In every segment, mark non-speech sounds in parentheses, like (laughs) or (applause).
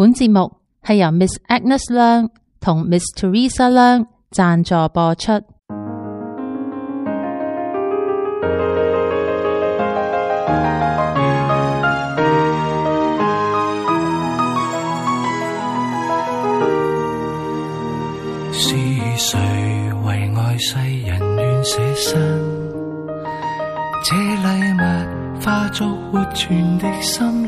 本節目係由 Miss Agnes 梁同 Miss Teresa 梁贊助播出。是誰為愛世人願捨身？這禮物化作活存的心。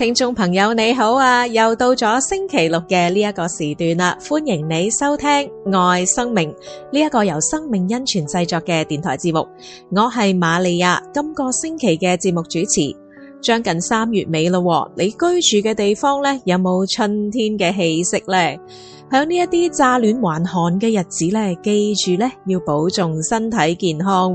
聽眾朋友你好啊，又到咗星期六嘅呢一個時段啦，歡迎你收聽愛生命，呢一個由生命恩泉製作嘅電台節目，我係瑪利亞。今個星期嘅節目主持，將近三月尾啦，你居住嘅地方咧有冇春天嘅氣息咧？響呢一啲乍暖還寒嘅日子咧，記住咧要保重身體健康。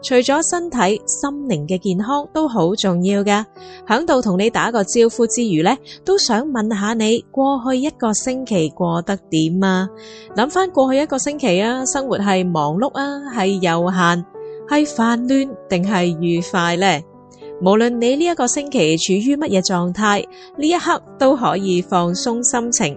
除咗身體，心靈嘅健康都好重要噶。響度同你打個招呼之餘咧，都想問下你過去一個星期過得點啊？諗翻過去一個星期啊，生活係忙碌啊，係悠閒，係煩亂定係愉快呢？無論你呢一個星期處於乜嘢狀態，呢一刻都可以放鬆心情。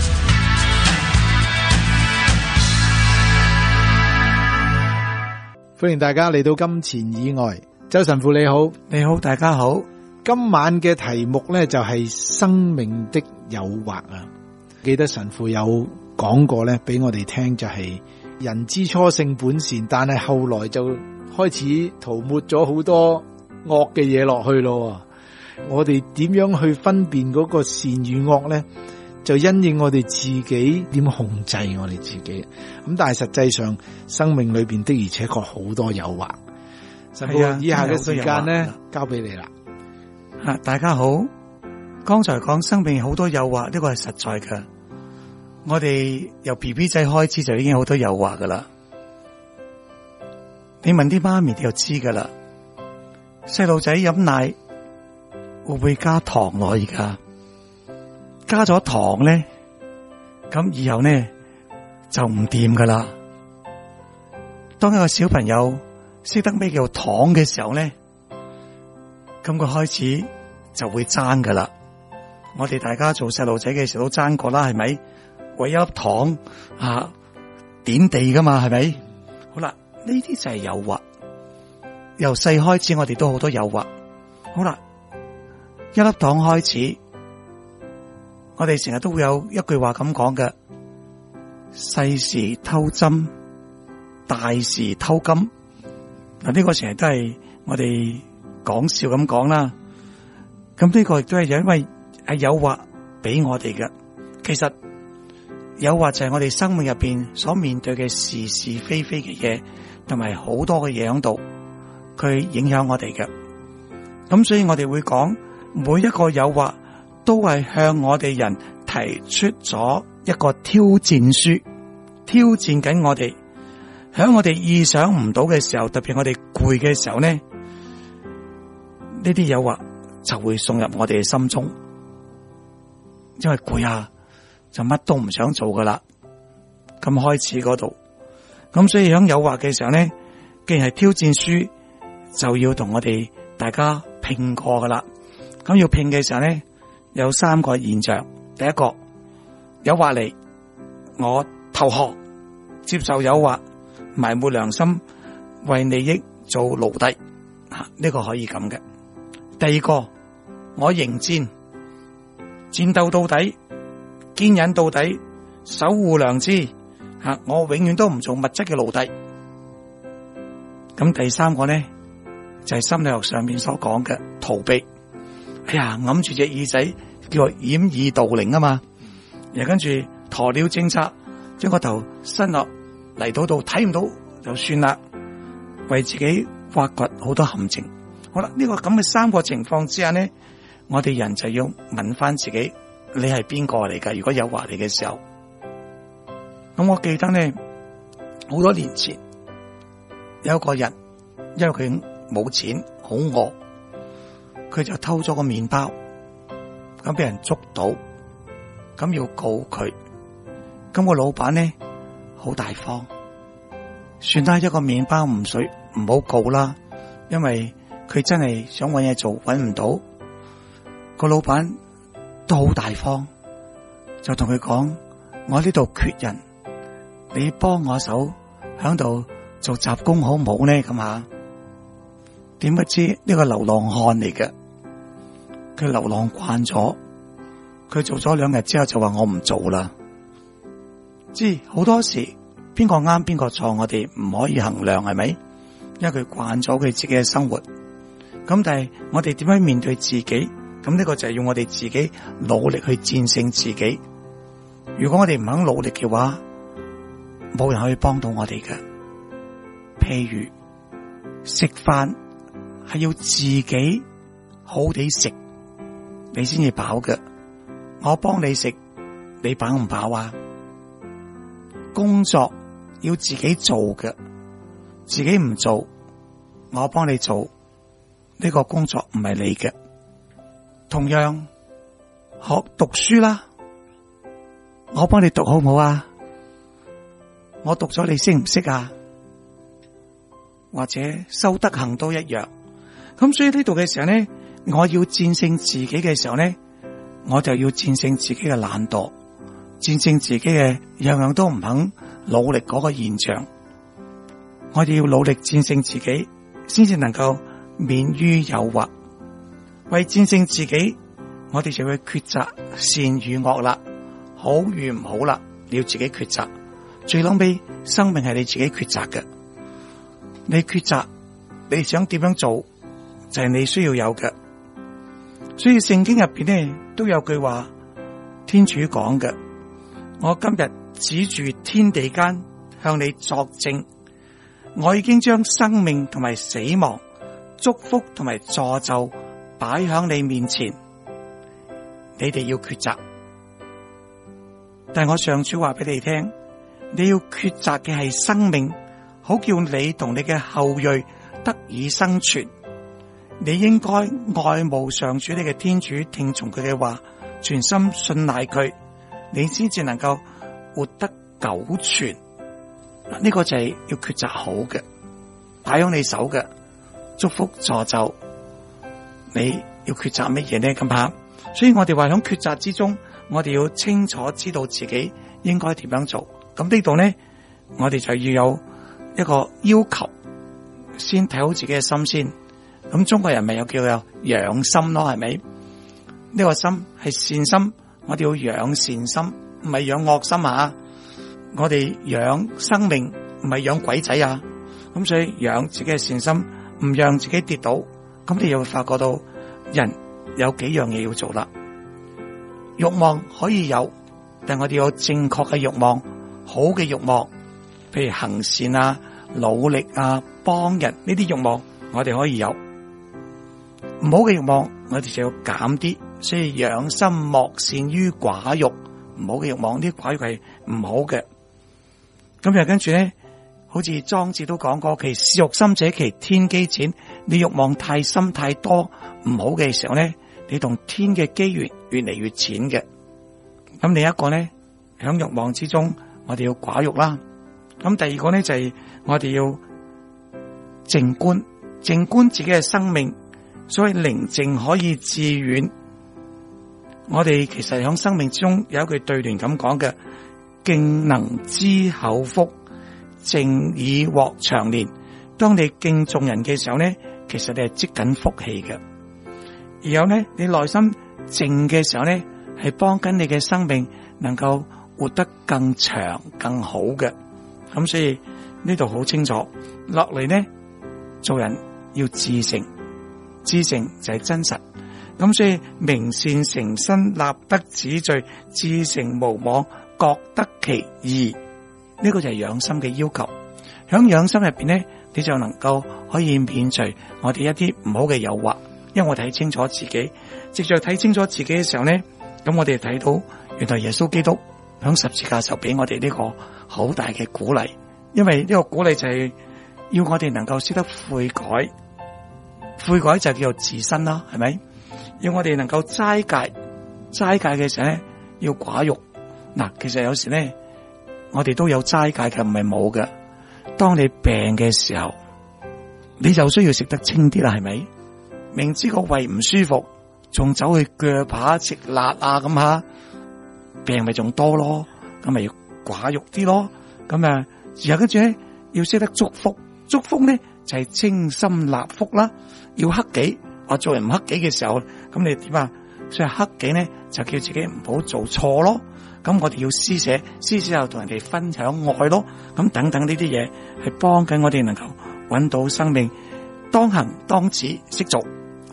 歡迎大家嚟到金錢以外，周神父你好，你好大家好。今晚嘅題目呢，就係、是、生命的油惑」。啊！記得神父有講過呢，俾我哋聽就係、是、人之初性本善，但係後來就開始塗抹咗好多惡嘅嘢落去咯。我哋點樣去分辨嗰個善與惡呢？就因應我哋自己點控制我哋自己，咁但係實際上生命裏邊的而且確好多誘惑。係啊，以下嘅時間咧，交俾你啦。啊，大家好，剛才講生命好多誘惑，呢個係實在㗎。我哋由 B B 仔開始就已經好多誘惑噶啦。你問啲媽咪就知噶啦，細路仔飲奶會唔會加糖而家？加咗糖咧，咁以後呢，就唔掂噶啦。當一個小朋友識得咩叫糖嘅時候呢，咁佢開始就會爭噶啦。我哋大家做細路仔嘅時候都爭過啦，係咪？為一粒糖啊，點地噶嘛，係咪？好啦，呢啲就係誘惑。由細開始，我哋都好多誘惑。好啦，一粒糖開始。我哋成日都會有一句話咁講嘅，世事偷針，大事偷金。嗱、這、呢個成日都係我哋講笑咁講啦。咁、這、呢個亦都係因為係誘惑俾我哋嘅。其實誘惑就係我哋生命入邊所面對嘅是是非非嘅嘢，同埋好多嘅嘢喺度，佢影響我哋嘅。咁所以我哋會講每一個誘惑都係向我哋人提出咗一個挑戰書，挑戰緊我哋，響我哋意想唔到嘅時候，特別我哋攰嘅時候咧，呢啲誘惑就會送入我哋心中。因為攰啊，就乜都唔想做噶啦。咁開始嗰度，咁所以響誘惑嘅時候呢，既然係挑戰書，就要同我哋大家拼過噶啦。咁要拼嘅時候呢。有三個現象，第一個，誘惑嚟：「我投降，接受誘惑，埋沒良心，為利益做奴隸，啊，呢個可以咁嘅。第二個，我迎戰，戰鬥到底，堅忍到底，守護良知，啊，我永遠都唔做物質嘅奴隸。咁第三個咧就係、是、心理學上面所講嘅逃避。哎呀，揞住隻耳仔，叫做掩耳盜鈴啊嘛！又跟住鴕鳥政策，將個頭伸落嚟到度睇唔到就算啦，為自己挖掘好多陷阱。好啦，呢個咁嘅三個情況之下呢，我哋人就要問翻自己，你係邊個嚟噶？如果有話你嘅時候，咁我記得呢，好多年前有個人，因為佢冇錢，好餓。佢就偷咗個麵包，咁俾人捉到，咁要告佢。咁個老闆呢好大方，算啦一個麵包唔水唔好告啦，因為佢真係想搵嘢做搵唔到，個老闆都好大方，就同佢講：我呢度缺人，你幫我手響度做雜工好唔好呢？咁啊？點不知呢個流浪漢嚟嘅？佢流浪慣咗，佢做咗兩日之後就話我唔做啦。知好多時邊個啱邊個錯，我哋唔可以衡量，係咪？因為佢慣咗佢自己嘅生活。咁但係我哋點樣面對自己？咁呢個就係要我哋自己努力去戰勝自己。如果我哋唔肯努力嘅話，冇人可以幫到我哋嘅。譬如食飯，係要自己好哋食。你先至飽嘅，我幫你食，你飽唔飽啊？工作要自己做嘅，自己唔做，我幫你做，呢個工作唔係你嘅。同樣學讀書啦，我幫你讀好唔好啊？我讀咗你識唔識啊？或者修德行都一樣，咁所以呢度嘅時候呢？我要戰勝自己嘅時候呢，我就要戰勝自己嘅懶惰，戰勝自己嘅樣樣都唔肯努力嗰個現象。我哋要努力戰勝自己，先至能夠免於誘惑。為戰勝自己，我哋就會抉擇善與惡啦，好與唔好啦，你要自己抉擇。最浪費生命係你自己抉擇嘅，你抉擇你想點樣做，就係你需要有嘅。所以聖經入邊咧都有句話，天主講嘅，我今日指住天地間向你作證，我已經將生命同埋死亡、祝福同埋詛咒擺喺你面前，你哋要抉擇，但係我上次話俾你聽，你要抉擇嘅係生命，好叫你同你嘅後裔得以生存。你應該愛慕上主你嘅天主，聽從佢嘅話，全心信賴佢，你先至能夠活得久存。嗱，呢個就係要抉擇好嘅，擺響你手嘅祝福詛咒。你要抉擇乜嘢呢？咁日，所以我哋話響抉擇之中，我哋要清楚知道自己應該點樣做。咁呢度呢，我哋就要有一個要求，先睇好自己嘅心先。咁中國人咪又叫做養心咯，係咪？呢個心係善心，我哋要養善心，唔係養惡心啊！我哋養生命，唔係養鬼仔啊！咁所以養自己嘅善心，唔讓自己跌倒，咁你又會發覺到人有幾樣嘢要做啦。欲望可以有，但我哋有正確嘅欲望，好嘅欲望，譬如行善啊、努力啊、幫人呢啲欲望，我哋可以有。唔好嘅欲望，我哋就要減啲，所以養心莫善於寡欲。唔好嘅欲望，啲寡欲係唔好嘅。咁又跟住咧，好似莊子都講過，其嗜欲深者，其天機淺。你欲望太深太多，唔好嘅時候咧，你同天嘅機緣越嚟越淺嘅。咁另一個咧，響欲望之中，我哋要寡欲啦。咁第二個咧就係、是、我哋要靜觀，靜觀自己嘅生命。所以寧靜可以致遠。我哋其實響生命之中有一句對聯咁講嘅：敬能知口福，靜以獲長年。當你敬重人嘅時候咧，其實你係積緊福氣嘅。然後呢，你內心靜嘅時候咧，係幫緊你嘅生命能夠活得更長更好嘅。咁所以呢度好清楚，落嚟呢，做人要至誠。知性就係真實，咁所以明善誠心立得止罪，至行無妄各得其義，呢、這個就係養心嘅要求。響養心入邊咧，你就能夠可以免除我哋一啲唔好嘅誘惑，因為我睇清楚自己。直在睇清楚自己嘅時候咧，咁我哋睇到原來耶穌基督響十字架就俾我哋呢個好大嘅鼓勵，因為呢個鼓勵就係要我哋能夠識得悔改。悔改就叫做自新啦，係咪？要我哋能夠齋戒，齋戒嘅時候咧要寡慾。嗱，其實有時咧，我哋都有齋戒嘅，唔係冇嘅。當你病嘅時候，你就需要食得清啲啦，係咪？明知個胃唔舒服，仲走去鋸扒食辣啊，咁吓，病咪仲多咯。咁咪要寡慾啲咯。咁啊，然後跟住咧要識得祝福，祝福咧。就係清心納福啦，要克己。我做人唔克己嘅時候，咁你點啊？所以克己呢，就叫自己唔好做錯咯。咁我哋要施捨，施捨就同人哋分享愛咯。咁等等呢啲嘢，係幫緊我哋能夠揾到生命當行當止識做。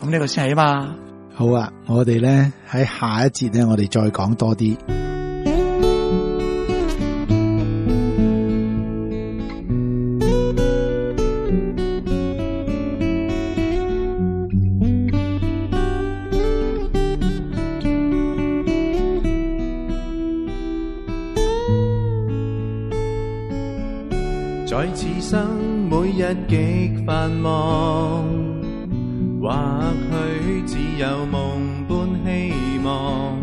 咁呢個先係嘛？好啊，我哋咧喺下一節咧，我哋再講多啲。極繁忙，或許只有夢般希望，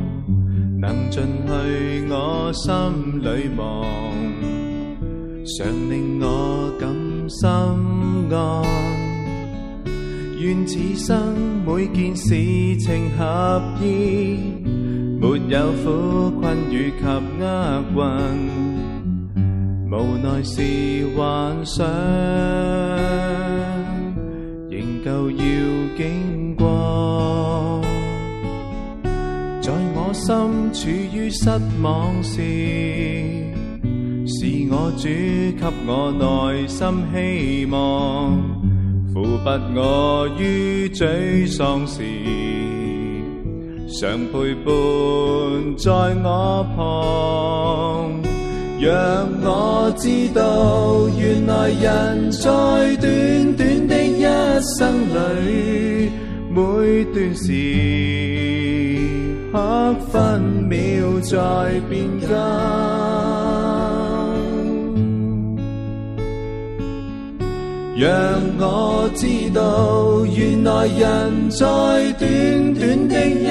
能進去我心裏望，常令我感心安。願此生每件事情合意，沒有苦困與及厄運。無奈是幻想，仍舊要經過。在我心處於失望時，是我主給我內心希望，扶拔我於沮喪時，常陪伴在我旁。讓我知道，原來人在短短的一生裏，每段時刻分秒在變更。讓我知道，原來人在短短的一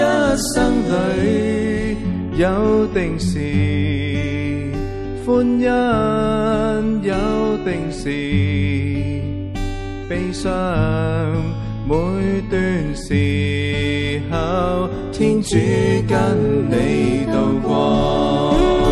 生裏，有定時。歡欣有定時，悲傷每段時候，天主跟你渡過。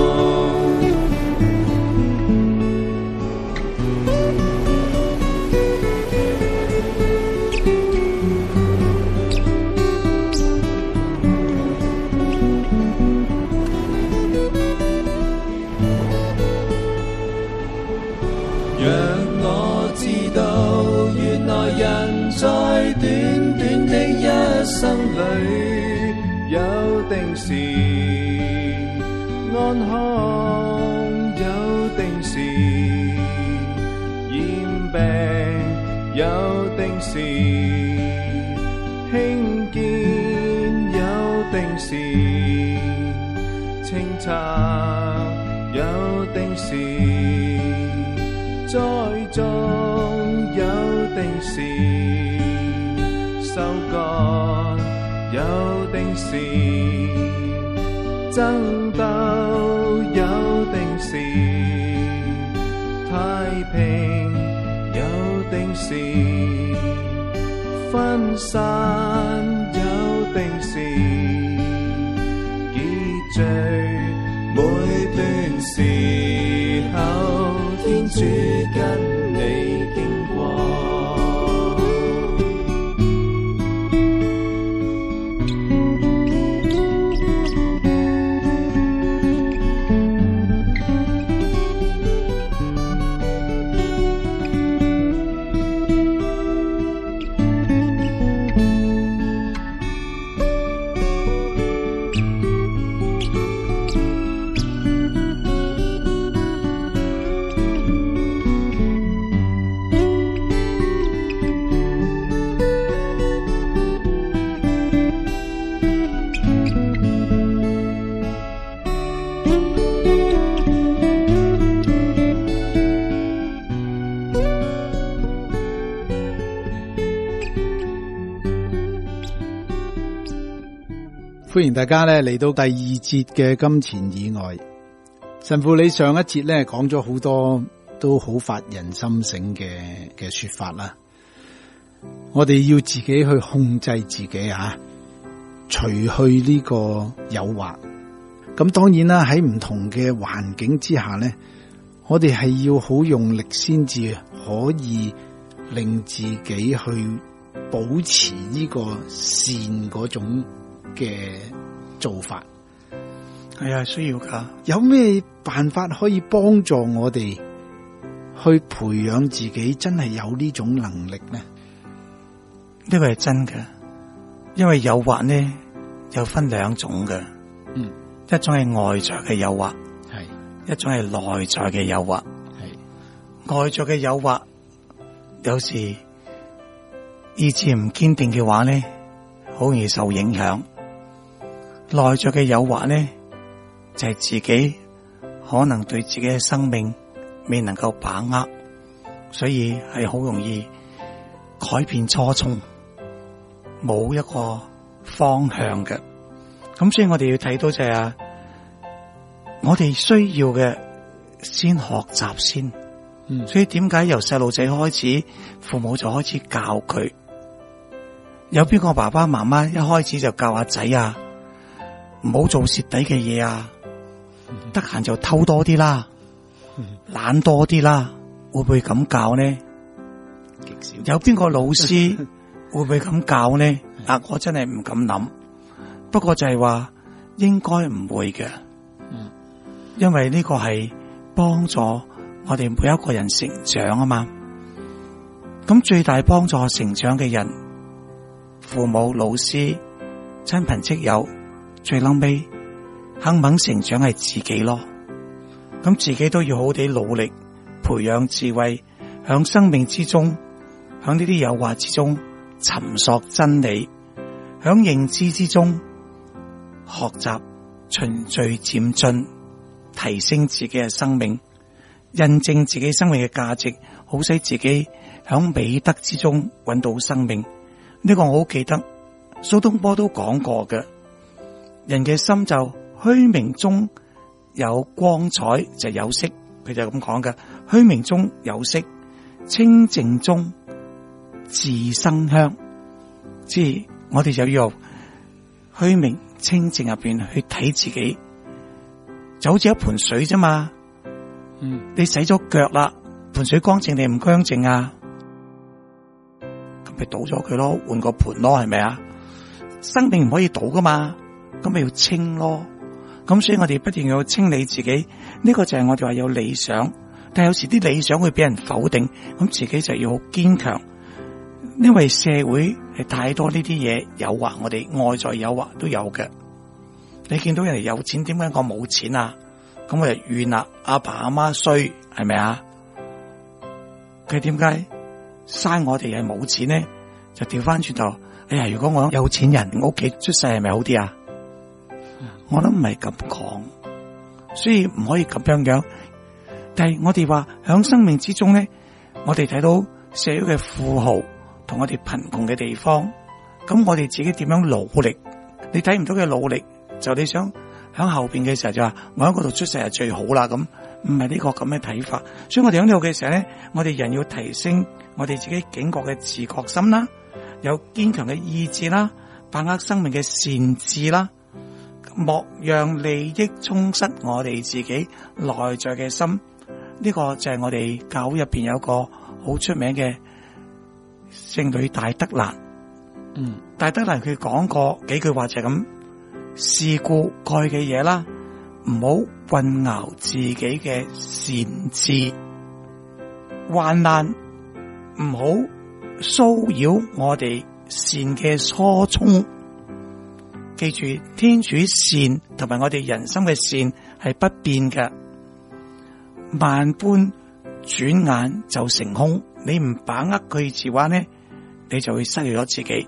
歡迎大家咧嚟到第二節嘅金錢以外，神父你上一節咧講咗好多都好發人心醒嘅嘅說法啦。我哋要自己去控制自己啊，除去呢個誘惑。咁當然啦，喺唔同嘅環境之下咧，我哋係要好用力先至可以令自己去保持呢個善嗰種。嘅做法係啊，需要噶。有咩辦法可以幫助我哋去培養自己真係有呢種能力呢？呢個係真嘅，因為誘惑呢又分兩種嘅，嗯，一種係外在嘅誘惑，係嘅，一種係內在嘅誘惑，係嘅。外在嘅誘惑有時意志唔堅定嘅話呢，好容易受影響。內在嘅誘惑呢，就係自己可能對自己嘅生命未能夠把握，所以係好容易改變初衷，冇一個方向嘅。咁所以我哋要睇到就係啊，我哋需要嘅先學習先。嗯，所以點解由細路仔開始，父母就開始教佢。有邊個爸爸媽媽一開始就教阿仔啊？唔好做蝕底嘅嘢啊！得閒就偷多啲啦、啊，懶多啲啦、啊，會唔會咁教呢？小有邊個老師會唔會咁教呢？ (laughs) 啊，我真係唔敢諗。不過就係話，應該唔會嘅，因為呢個係幫助我哋每一個人成長啊嘛。咁、啊啊、最大幫助成長嘅人，父母、老師、親朋戚友。最嬲尾，肯唔肯成長係自己咯。咁自己都要好地努力培養智慧，響生命之中，響呢啲誘惑之中尋索真理，響認知之中學習循序漸進，提升自己嘅生命，印證自己生命嘅價值，好使自己響美德之中揾到生命。呢、呢個我好記得，蘇東坡都講過嘅。人嘅心就虛明中有光彩，就係有色，佢就咁講嘅。虛明中有色，清淨中自生香。即係我哋就要虛明清淨入邊去睇自己，就好似一盆水啫嘛。嗯，你洗咗腳啦，盆水乾淨定唔乾淨啊？咁咪倒咗佢咯，換個盆咯，係咪啊？生命唔可以倒噶嘛。咁咪要清咯，咁所以我哋不斷要清理自己，呢個就係我哋話有理想，但係有時啲理想會俾人否定，咁自己就要好堅強，因為社會係太多呢啲嘢誘惑我哋，外在誘惑都有嘅。你見到人哋有錢，點解我冇錢啊？咁我就怨啦，阿爸阿媽衰係咪啊？佢點解生我哋係冇錢呢？就調翻轉頭，哎呀，如果我有錢人，屋企出世係咪好啲啊？我都唔係咁講，所以唔可以咁樣樣。但係我哋話響生命之中咧，我哋睇到社會嘅富豪同我哋貧窮嘅地方，咁我哋自己點樣努力？你睇唔到嘅努力，就你想響後邊嘅時候就話我喺嗰度出世係最好啦，咁唔係呢個咁嘅睇法。所以我哋響度嘅時候咧，我哋人要提升我哋自己警覺嘅自覺心啦，有堅強嘅意志啦，把握生命嘅善智啦。莫讓利益，沖失我哋自己內在嘅心，呢個就係我哋教入邊有個好出名嘅聖女大德蘭。嗯，大德蘭佢講過幾句話就係咁，事故蓋嘅嘢啦，唔好混淆自己嘅善智，患難唔好騷擾我哋善嘅初衷。記住，天主善同埋我哋人心嘅善係不變嘅，萬般轉眼就成空。你唔把握佢字話呢，你就會失去咗自己。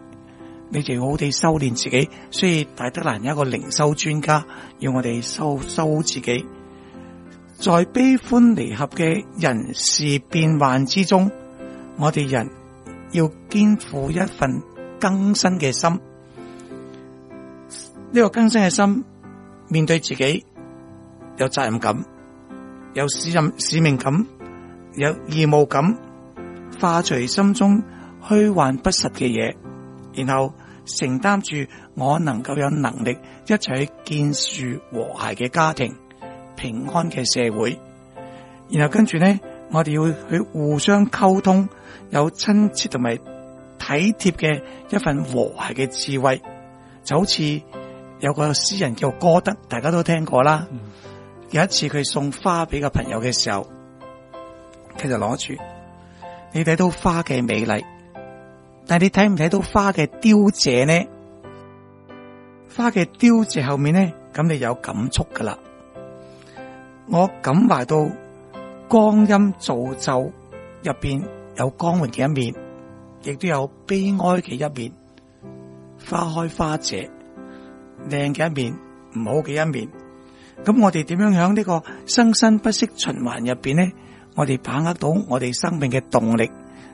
你就要好哋修煉自己，所以大德蘭有一個靈修專家，要我哋修修好自己。在悲歡離合嘅人事變幻之中，我哋人要肩負一份更新嘅心。呢個更新嘅心，面對自己有責任感、有使命使命感、有義務感，化除心中虛幻不實嘅嘢，然後承擔住我能夠有能力一齊去建設和諧嘅家庭、平安嘅社會，然後跟住呢，我哋要去互相溝通，有親切同埋體貼嘅一份和諧嘅智慧，就好似。有個詩人叫歌德，大家都聽過啦。嗯、有一次佢送花俾個朋友嘅時候，佢就攞住，你睇到花嘅美麗，但你睇唔睇到花嘅凋謝呢？花嘅凋謝後面呢？咁你有感觸噶啦。我感懷到光陰造就入邊有光榮嘅一面，亦都有悲哀嘅一面。花開花謝。靚嘅一面，唔好嘅一面，咁我哋點樣響呢個生生不息循環入邊咧？我哋把握到我哋生命嘅動力，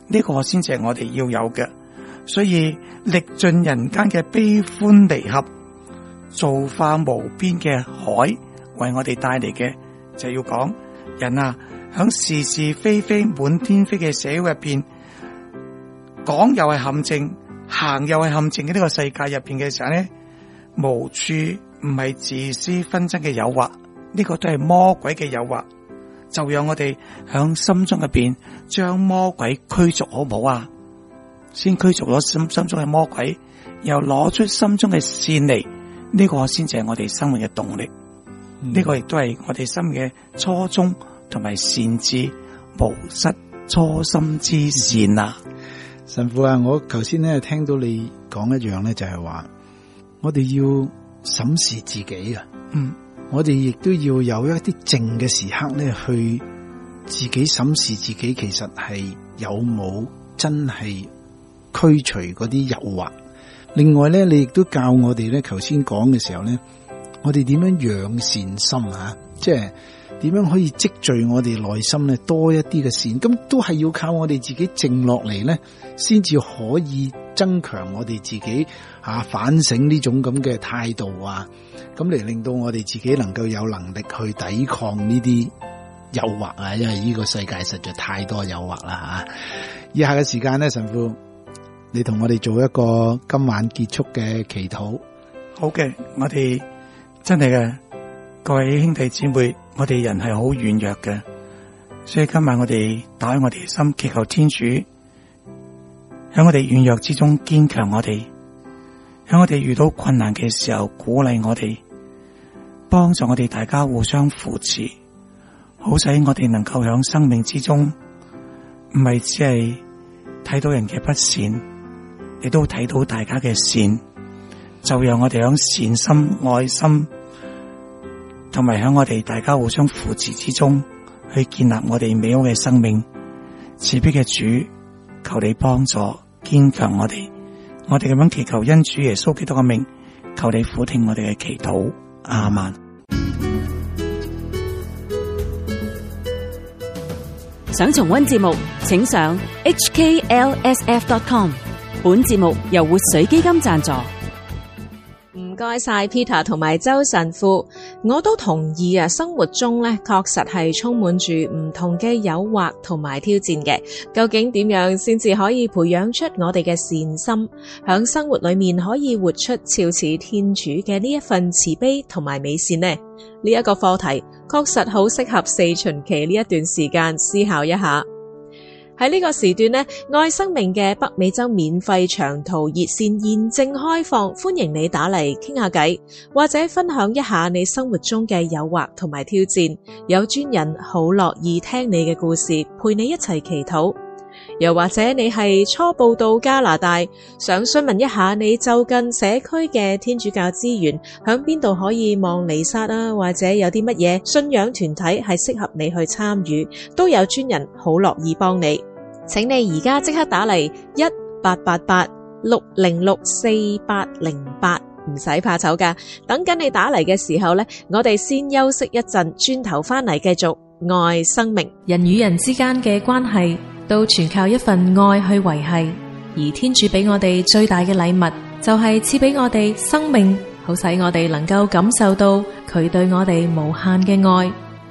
呢、這個先至係我哋要有嘅。所以歷盡人間嘅悲歡離合，造化無邊嘅海，為我哋帶嚟嘅就是、要講人啊，響是是非非滿天飛嘅社會入邊，講又係陷阱，行又係陷阱嘅呢個世界入邊嘅時候咧。無處唔係自私紛爭嘅誘惑，呢個都係魔鬼嘅誘惑。就讓我哋響心中入邊將魔鬼驅逐好唔好啊？先驅逐咗心心中嘅魔鬼，又攞出心中嘅善嚟，呢個先至係我哋生活嘅動力。呢、嗯、個亦都係我哋心嘅初衷同埋善知無失初心之善啊！神父啊，我頭先咧聽到你講一樣咧，就係話。我哋要審視自己啊，嗯，我哋亦都要有一啲靜嘅時刻咧，去自己審視自己，其實係有冇真係驅除嗰啲誘惑。另外咧，你亦都教我哋咧，頭先講嘅時候咧，我哋點樣養善心啊？即係點樣可以積聚我哋內心咧多一啲嘅善？咁都係要靠我哋自己靜落嚟咧，先至可以增強我哋自己。吓反省呢種咁嘅態度啊，咁嚟令到我哋自己能夠有能力去抵抗呢啲誘惑啊，因為呢個世界實在太多誘惑啦吓。以下嘅時間咧，神父，你同我哋做一個今晚結束嘅祈禱。好嘅，我哋真係嘅，各位兄弟姊妹，我哋人係好軟弱嘅，所以今晚我哋打開我哋心，祈求天主喺我哋軟弱之中堅強我哋。喺我哋遇到困難嘅時候，鼓勵我哋，幫助我哋大家互相扶持，好使我哋能夠響生命之中，唔係只係睇到人嘅不善，亦都睇到大家嘅善，就讓我哋響善心、愛心，同埋響我哋大家互相扶持之中，去建立我哋美好嘅生命。慈悲嘅主，求你幫助，堅強我哋。我哋咁樣祈求恩主耶穌基督嘅命，求你俯聽我哋嘅祈禱。阿曼，想重温節目，請上 hklsf.com。本節目由活水基金讚助。多謝晒 Peter 同埋周神父，我都同意啊。生活中咧，確實係充滿住唔同嘅誘惑同埋挑戰嘅。究竟點樣先至可以培養出我哋嘅善心，響生活裏面可以活出肖似天主嘅呢一份慈悲同埋美善呢？呢、這、一個課題確實好適合四旬期呢一段時間思考一下。喺呢個時段呢，愛生命嘅北美洲免費長途熱線現正開放，歡迎你打嚟傾下偈，或者分享一下你生活中嘅誘惑同埋挑戰。有專人好樂意聽你嘅故事，陪你一齊祈禱。又或者你係初步到加拿大，想詢問一下你就近社區嘅天主教資源，響邊度可以望彌撒啊，或者有啲乜嘢信仰團體係適合你去參與，都有專人好樂意幫你。請你而家即刻打嚟一八八八六零六四八零八，唔使怕醜噶。等緊你打嚟嘅時候呢，我哋先休息一陣，轉頭翻嚟繼續愛生命。人與人之間嘅關係，都全靠一份愛去維係。而天主俾我哋最大嘅禮物，就係賜俾我哋生命，好使我哋能夠感受到佢對我哋無限嘅愛。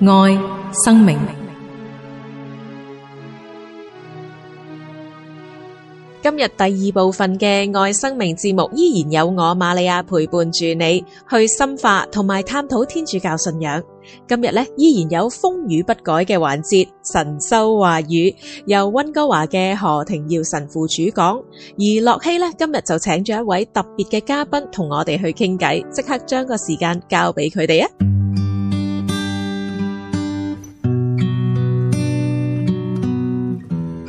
愛生命。今日第二部分嘅愛生命節目依然有我瑪利亞陪伴住你去深化同埋探討天主教信仰。今日呢，依然有風雨不改嘅環節，神修話語由溫哥華嘅何庭耀神父主講，而樂希呢，今日就請咗一位特別嘅嘉賓同我哋去傾偈，即刻將個時間交俾佢哋啊！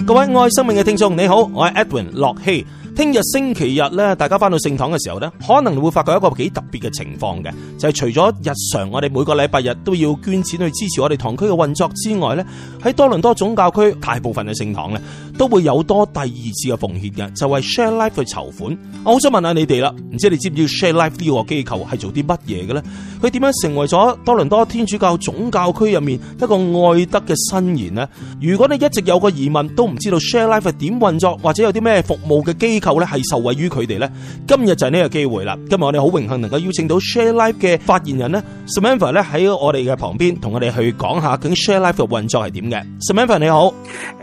各位愛生命嘅聽眾，你好，我係 Edwin 洛希。聽日星期日咧，大家翻到聖堂嘅時候咧，可能會發覺一個幾特別嘅情況嘅，就係除咗日常我哋每個禮拜日都要捐錢去支持我哋堂區嘅運作之外咧，喺多倫多總教區大部分嘅聖堂咧，都會有多第二次嘅奉獻嘅，就係、是、Share Life 去籌款。啊、我好想問下你哋啦，唔知你知唔知 Share Life 個機呢個機構係做啲乜嘢嘅咧？佢點樣成為咗多倫多天主教總教區入面一個愛德嘅新言呢？如果你一直有個疑問，都唔知道 Share Life 係點運作，或者有啲咩服務嘅機構咧係受惠於佢哋咧，今日就係呢個機會啦。今日我哋好榮幸能夠邀請到 Share Life 嘅發言人呢 Samantha 咧喺我哋嘅旁邊，同我哋去講下究竟 Share Life 嘅運作係點嘅。Samantha 你好，誒、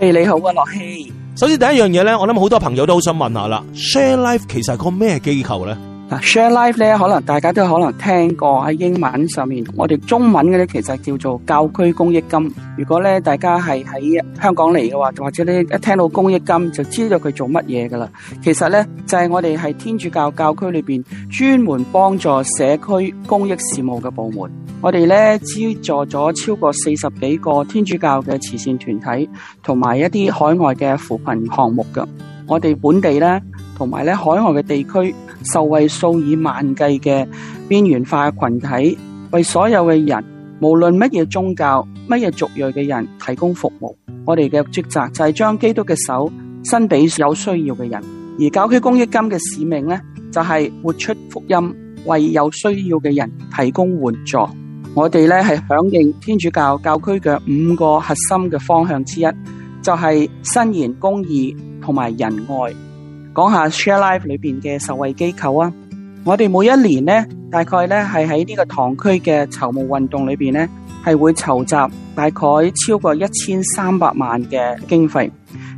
hey, 你好啊，樂希。Hey. 首先第一樣嘢咧，我諗好多朋友都好想問下啦，Share Life 其實係個咩機構咧？嗱，Share Life 咧，可能大家都可能聽過喺英文上面，我哋中文嘅咧，其實叫做教區公益金。如果咧大家係喺香港嚟嘅話，或者咧一聽到公益金，就知道佢做乜嘢噶啦。其實咧就係、是、我哋係天主教教區裏邊專門幫助社區公益事務嘅部門。我哋咧資助咗超過四十幾個天主教嘅慈善團體，同埋一啲海外嘅扶貧項目噶。我哋本地咧。同埋咧，海外嘅地區受惠數以萬計嘅邊緣化群體，為所有嘅人，無論乜嘢宗教、乜嘢族裔嘅人提供服務。我哋嘅職責就係將基督嘅手伸俾有需要嘅人。而教區公益金嘅使命呢，就係、是、活出福音，為有需要嘅人提供援助。我哋咧係響應天主教教區嘅五個核心嘅方向之一，就係伸延公義同埋仁愛。講下 Share Life 裏邊嘅受惠機構啊，我哋每一年呢，大概呢係喺呢個堂區嘅籌募運動裏邊呢，係會籌集大概超過一千三百萬嘅經費，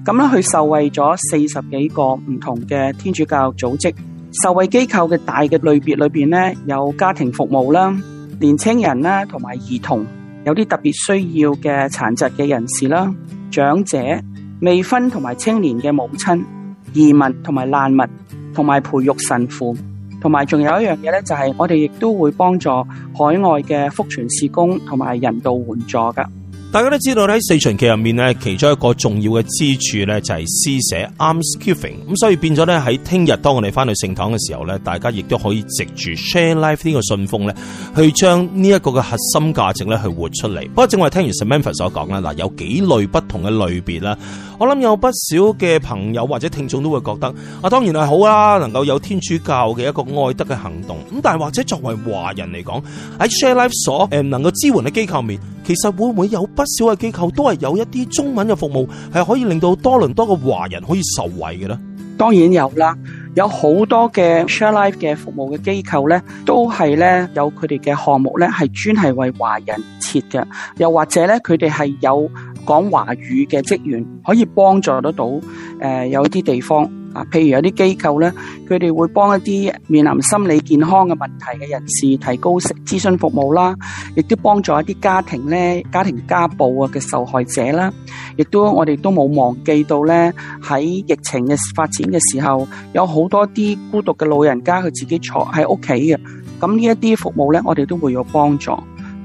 咁呢佢受惠咗四十幾個唔同嘅天主教組織。受惠機構嘅大嘅類別裏邊呢，有家庭服務啦、年青人啦、同埋兒童，有啲特別需要嘅殘疾嘅人士啦、長者、未婚同埋青年嘅母親。異物同埋爛物，同埋培育神父，同埋仲有一樣嘢咧，就係我哋亦都會幫助海外嘅復傳事工同埋人道援助噶。大家都知道咧喺四旬期入面咧，其中一個重要嘅支柱咧就係施捨 （arms k i v i n g，咁所以變咗咧喺聽日，當我哋翻去聖堂嘅時候咧，大家亦都可以藉住 Share Life 呢個信封咧，去將呢一個嘅核心價值咧去活出嚟。不過，正話聽完 Sammy 所講啦，嗱有幾類不同嘅類別啦。我諗有不少嘅朋友或者聽眾都會覺得，啊當然係好啦，能夠有天主教嘅一個愛德嘅行動。咁但係或者作為華人嚟講，喺 Share Life 所誒能夠支援嘅機構面，其實會唔會有不少嘅機構都係有一啲中文嘅服務，係可以令到多倫多嘅華人可以受惠嘅呢？當然有啦，有好多嘅 Share Life 嘅服務嘅機構呢，都係呢，有佢哋嘅項目呢，係專係為華人設嘅，又或者呢，佢哋係有。講華語嘅職員可以幫助得到，誒、呃、有啲地方啊，譬如有啲機構呢，佢哋會幫一啲面臨心理健康嘅問題嘅人士提高諮詢服務啦，亦都幫助一啲家庭呢、家庭家暴啊嘅受害者啦，亦都我哋都冇忘記到呢，喺疫情嘅發展嘅時候，有好多啲孤獨嘅老人家，佢自己坐喺屋企嘅，咁呢一啲服務呢，我哋都會有幫助。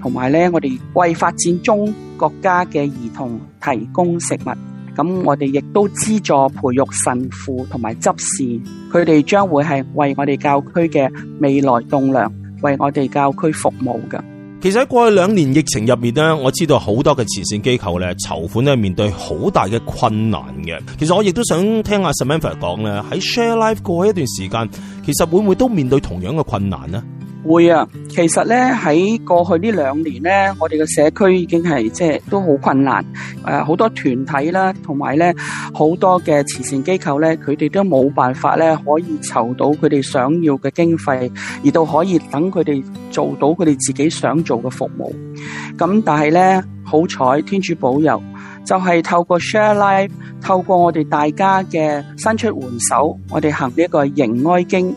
同埋咧，我哋為發展中國家嘅兒童提供食物，咁我哋亦都資助培育神父同埋執事，佢哋將會係為我哋教區嘅未來棟樑，為我哋教區服務嘅。其實喺過去兩年疫情入面咧，我知道好多嘅慈善機構咧籌款咧面對好大嘅困難嘅。其實我亦都想聽阿 Samantha 講咧，喺 Share Life 過去一段時間，其實會唔會都面對同樣嘅困難呢？會啊，其實咧喺過去呢兩年呢，我哋嘅社區已經係即係都好困難，誒、呃、好多團體啦，同埋呢好多嘅慈善機構呢，佢哋都冇辦法呢，可以籌到佢哋想要嘅經費，而到可以等佢哋做到佢哋自己想做嘅服務。咁但係呢，好彩天主保佑，就係、是、透過 Share Life，透過我哋大家嘅伸出援手，我哋行呢一個形哀矜。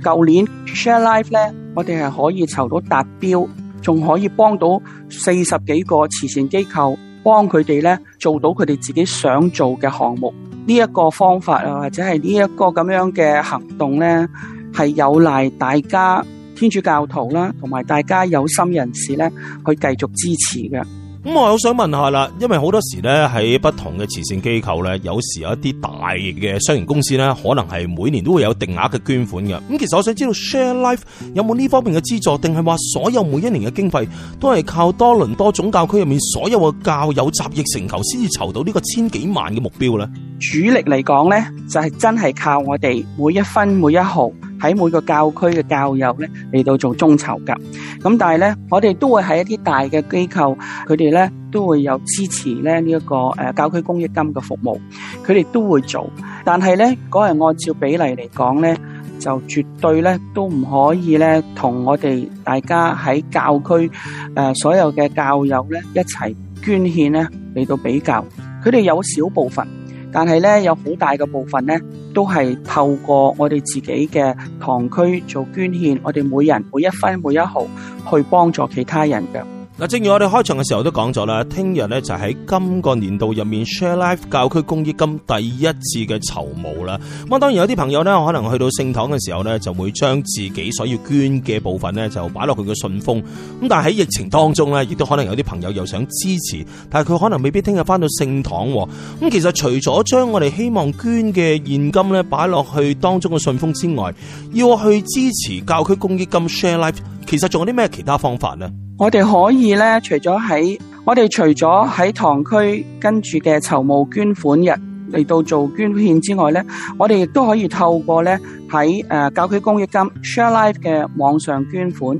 舊年 Share Life 咧，我哋係可以籌到達標，仲可以幫到四十幾個慈善機構，幫佢哋咧做到佢哋自己想做嘅項目。呢、這、一個方法啊，或者係呢一個咁樣嘅行動咧，係有賴大家天主教徒啦，同埋大家有心人士咧去繼續支持嘅。咁我想問下啦，因為好多時咧喺不同嘅慈善機構咧，有時有一啲大型嘅商業公司咧，可能係每年都會有定額嘅捐款嘅。咁其實我想知道 Share Life 有冇呢方面嘅資助，定係話所有每一年嘅經費都係靠多倫多總教區入面所有嘅教友集腋成裘先至籌到呢個千幾萬嘅目標呢？主力嚟講呢，就係真係靠我哋每一分每一毫。喺每個教區嘅教友咧嚟到做中籌噶，咁但係咧，我哋都會喺一啲大嘅機構，佢哋咧都會有支持咧呢一個誒教區公益金嘅服務，佢哋都會做，但係咧嗰係按照比例嚟講咧，就絕對咧都唔可以咧同我哋大家喺教區誒所有嘅教友咧一齊捐獻咧嚟到比較，佢哋有少部分。但係呢，有好大嘅部分呢，都係透過我哋自己嘅堂區做捐獻，我哋每人每一分每一毫去幫助其他人嘅。嗱，正如我哋開場嘅時候都講咗啦，聽日咧就喺今個年度入面 Share Life 教區公益金第一次嘅籌募啦。咁當然有啲朋友呢，可能去到聖堂嘅時候呢，就會將自己所要捐嘅部分呢就擺落佢嘅信封。咁但係喺疫情當中呢，亦都可能有啲朋友又想支持，但係佢可能未必聽日翻到聖堂。咁其實除咗將我哋希望捐嘅現金咧擺落去當中嘅信封之外，要去支持教區公益金 Share Life，其實仲有啲咩其他方法呢？我哋可以咧，除咗喺我哋除咗喺堂區跟住嘅籌募捐款日嚟到做捐獻之外咧，我哋亦都可以透過咧。喺誒教區公益金 Share Life 嘅網上捐款，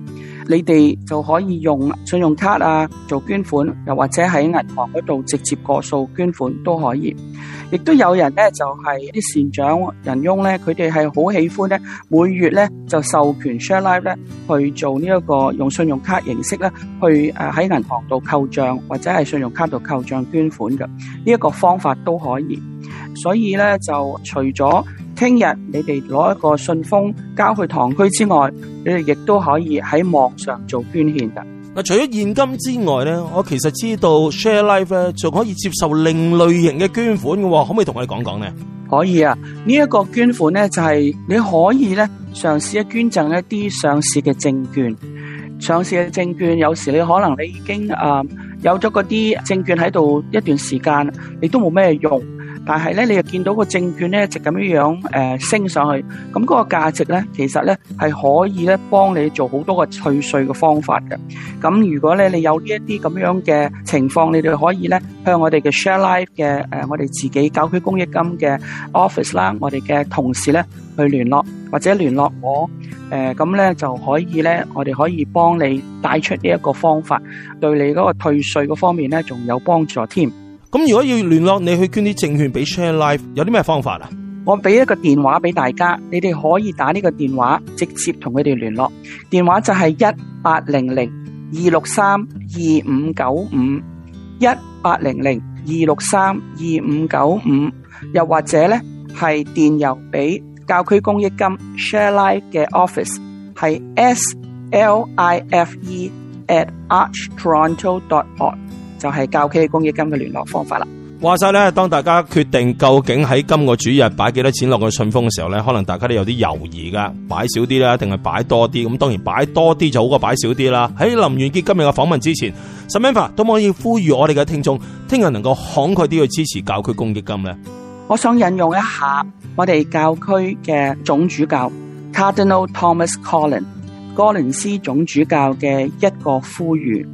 你哋就可以用信用卡啊做捐款，又或者喺銀行嗰度直接過數捐款都可以。亦都有人呢，就係啲善長仁翁呢，佢哋係好喜歡呢，每月呢就授權 Share Life 咧去做呢一個用信用卡形式咧去誒喺銀行度扣帳，或者係信用卡度扣帳捐款嘅呢一個方法都可以。所以呢，就除咗聽日你哋攞一個信封交去堂區之外，你哋亦都可以喺網上做捐獻噶。嗱，除咗現金之外咧，我其實知道 Share Life 咧仲可以接受另類型嘅捐款嘅，可唔可以同我哋講講呢？可以啊，呢、這、一個捐款咧就係你可以咧嘗試一捐贈一啲上市嘅證券，上市嘅證券有時你可能你已經啊有咗嗰啲證券喺度一段時間，你都冇咩用。但係咧，你又見到個證券咧，就直咁樣樣誒、呃、升上去，咁嗰個價值咧，其實咧係可以咧幫你做好多個退稅嘅方法嘅。咁如果咧你有呢一啲咁樣嘅情況，你哋可以咧向我哋嘅 Share Life 嘅誒、呃，我哋自己搞區公益金嘅 Office 啦，我哋嘅同事咧去聯絡，或者聯絡我誒，咁、呃、咧就可以咧，我哋可以幫你帶出呢一個方法，對你嗰個退稅嘅方面咧，仲有幫助添。咁如果要聯絡你去捐啲證券俾 Share Life，有啲咩方法啊？我俾一個電話俾大家，你哋可以打呢個電話直接同佢哋聯絡。電話就係一八零零二六三二五九五一八零零二六三二五九五，95, 95, 又或者咧係電郵俾教區公益金 Share Life 嘅 office，係 s l i f e at archtoronto dot org 就係教區公益金嘅聯絡方法啦。話晒咧，當大家決定究竟喺今個主日擺幾多錢落個信封嘅時候咧，可能大家都有啲猶豫噶，擺少啲啦，定係擺多啲？咁當然擺多啲就好過擺少啲啦。喺林元杰今日嘅訪問之前，Samantha 都唔可以呼籲我哋嘅聽眾聽日能夠慷慨啲去支持教區公益金咧？我想引用一下我哋教區嘅總主教 Cardinal Thomas Collins 哥林斯總主教嘅一個呼籲，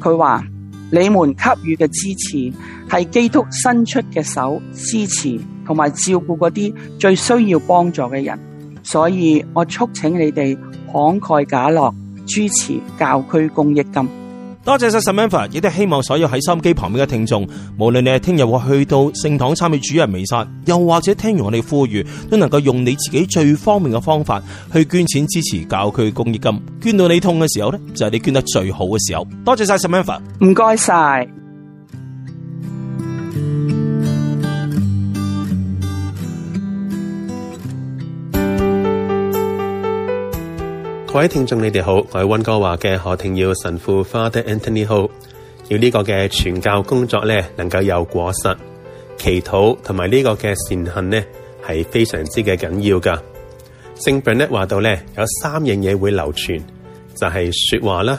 佢話。你們給予嘅支持係基督伸出嘅手，支持同埋照顧嗰啲最需要幫助嘅人，所以我促請你哋慷慨解囊支持教區公益金。多謝晒 Samantha 亦都希望所有喺收音機旁邊嘅聽眾，無論你係聽日會去到聖堂參與主日彌撒，又或者聽完我哋呼籲，都能夠用你自己最方便嘅方法去捐錢支持教區嘅公益金。捐到你痛嘅時候咧，就係、是、你捐得最好嘅時候。多謝晒 Samantha 唔該晒。謝謝各位聽眾，你哋好，我係溫哥華嘅何庭耀神父 Father Anthony Ho。要呢個嘅傳教工作咧，能夠有果實，祈禱同埋呢個嘅善行呢，係非常之嘅緊要噶。聖本咧話到咧，有三樣嘢會流傳，就係、是、說話啦，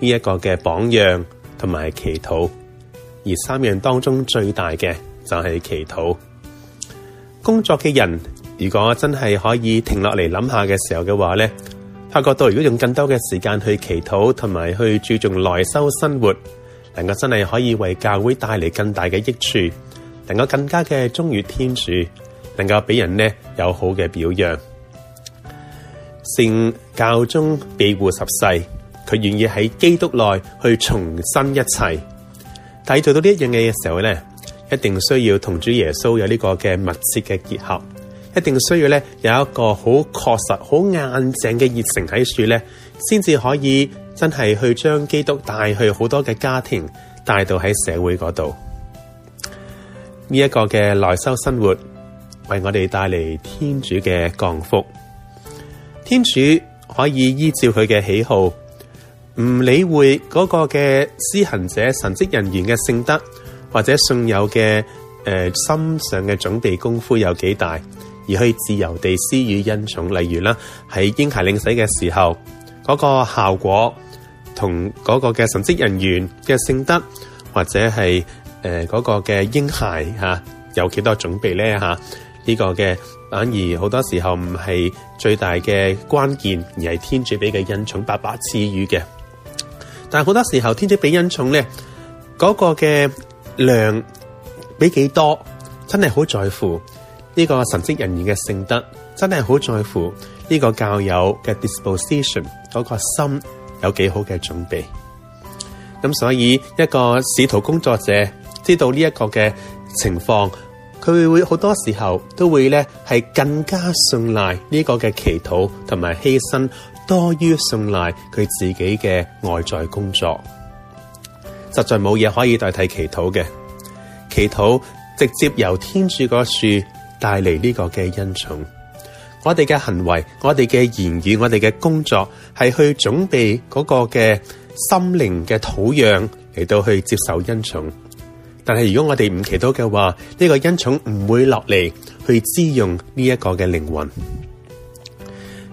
呢、這、一個嘅榜樣同埋祈禱。而三樣當中最大嘅就係祈禱工作嘅人。如果真係可以停落嚟諗下嘅時候嘅話咧。察覺到如果用更多嘅時間去祈禱，同埋去注重內修生活，能夠真係可以為教會帶嚟更大嘅益處，能夠更加嘅忠於天主，能夠俾人呢有好嘅表揚。聖教宗庇護十世，佢願意喺基督內去重生一切。但係做到呢一樣嘢嘅時候咧，一定需要同主耶穌有呢個嘅密切嘅結合。一定需要咧有一個好確實、好硬淨嘅熱誠喺處咧，先至可以真係去將基督帶去好多嘅家庭，帶到喺社會嗰度。呢、這、一個嘅內修生活，為我哋帶嚟天主嘅降福。天主可以依照佢嘅喜好，唔理會嗰個嘅施行者神職人員嘅聖德，或者信友嘅誒心上嘅準備功夫有幾大。而可以自由地施予恩寵，例如啦，喺嬰孩領洗嘅時候，嗰個效果同嗰個嘅神職人員嘅聖德，或者係誒嗰個嘅嬰孩吓有幾多準備咧吓？呢個嘅反而好多時候唔係最大嘅關鍵，而係天主俾嘅恩寵白白賜予嘅。但係好多時候天主俾恩寵咧，嗰個嘅量俾幾多，真係好在乎。呢個神職人員嘅性德真係好在乎呢個教友嘅 disposition，嗰個心有幾好嘅準備。咁所以一個使徒工作者知道呢一個嘅情況，佢會好多時候都會咧係更加信賴呢個嘅祈禱同埋犧牲多於信賴佢自己嘅外在工作。實在冇嘢可以代替祈禱嘅，祈禱直接由天主嗰處，帶嚟呢個嘅恩寵，我哋嘅行為、我哋嘅言語、我哋嘅工作，係去準備嗰個嘅心靈嘅土壤嚟到去接受恩寵。但係如果我哋唔祈禱嘅話，呢個恩寵唔會落嚟去滋用呢一個嘅靈魂。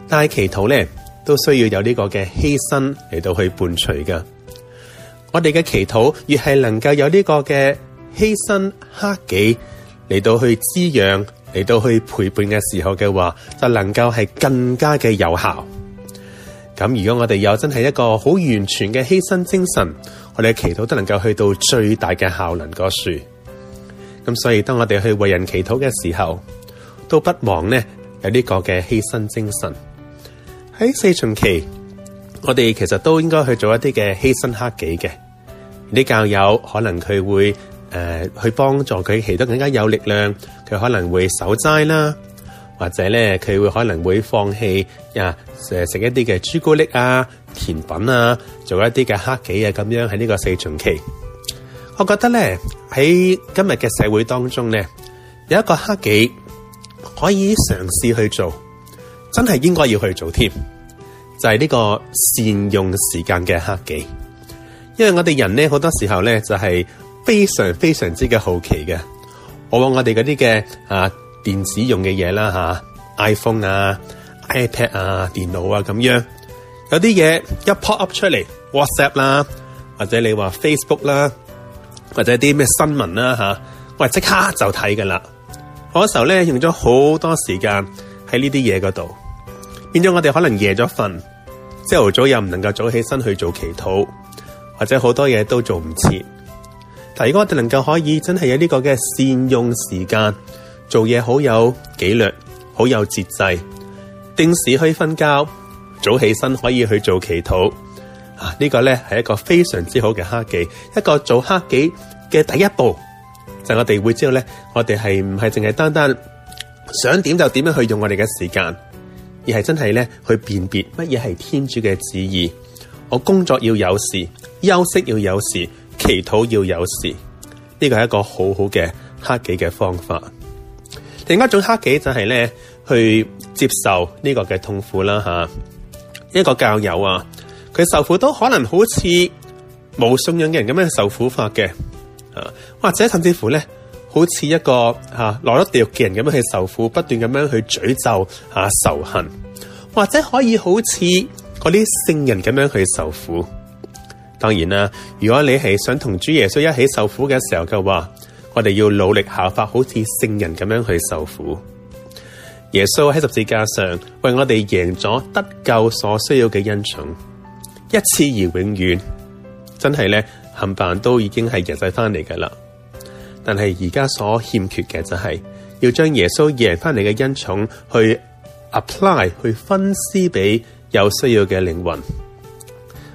但係祈禱呢，都需要有呢個嘅犧牲嚟到去伴隨噶。我哋嘅祈禱越係能夠有呢個嘅犧牲、克己嚟到去滋養。嚟到去陪伴嘅時候嘅話，就能夠係更加嘅有效。咁如果我哋有真係一個好完全嘅犧牲精神，我哋祈禱都能夠去到最大嘅效能個數。咁所以當我哋去為人祈禱嘅時候，都不忘呢有呢個嘅犧牲精神。喺四旬期，我哋其實都應該去做一啲嘅犧牲克己嘅。呢啲教友可能佢會。誒、呃，去幫助佢，起得更加有力量。佢可能會守齋啦，或者咧佢會可能會放棄啊，成日食一啲嘅朱古力啊、甜品啊，做一啲嘅克己啊，咁樣喺呢個四旬期。我覺得咧喺今日嘅社會當中咧，有一個克己可以嘗試去做，真係應該要去做添，就係、是、呢個善用時間嘅克己，因為我哋人咧好多時候咧就係、是。非常非常之嘅好奇嘅，我話我哋嗰啲嘅啊，電子用嘅嘢啦，吓、啊、iPhone 啊、iPad 啊、電腦啊咁樣，有啲嘢一 pop up 出嚟，WhatsApp 啦，或者你話 Facebook 啦，或者啲咩新聞啦吓，我係即刻就睇噶啦。嗰時候咧用咗好多時間喺呢啲嘢嗰度，變咗我哋可能夜咗瞓，朝頭早又唔能夠早起身去做祈禱，或者好多嘢都做唔切。但如果我哋能夠可以真係有呢個嘅善用時間，做嘢好有紀律，好有節制，定時去瞓覺，早起身可以去做祈禱。啊，這個、呢個咧係一個非常之好嘅黑記，一個做黑記嘅第一步就是、我哋會知道咧，我哋係唔係淨係單單想點就點樣去用我哋嘅時間，而係真係咧去辨別乜嘢係天主嘅旨意。我工作要有時，休息要有時。祈禱要有事，呢、這個係一個好好嘅克己嘅方法。另一種克己就係咧去接受呢個嘅痛苦啦吓。一、啊這個教友啊，佢受苦都可能好似冇信仰嘅人咁樣受苦法嘅啊，或者甚至乎咧好似一個吓、啊、落咗地獄嘅人咁樣去受苦，不斷咁樣去詛咒吓、啊、仇恨，或者可以好似嗰啲聖人咁樣去受苦。當然啦，如果你係想同主耶穌一起受苦嘅時候嘅話，我哋要努力效法好似聖人咁樣去受苦。耶穌喺十字架上為我哋贏咗得救所需要嘅恩寵，一次而永遠，真係咧冚唪唥都已經係贏晒翻嚟嘅啦。但係而家所欠缺嘅就係、是、要將耶穌贏翻嚟嘅恩寵去 apply 去分施俾有需要嘅靈魂。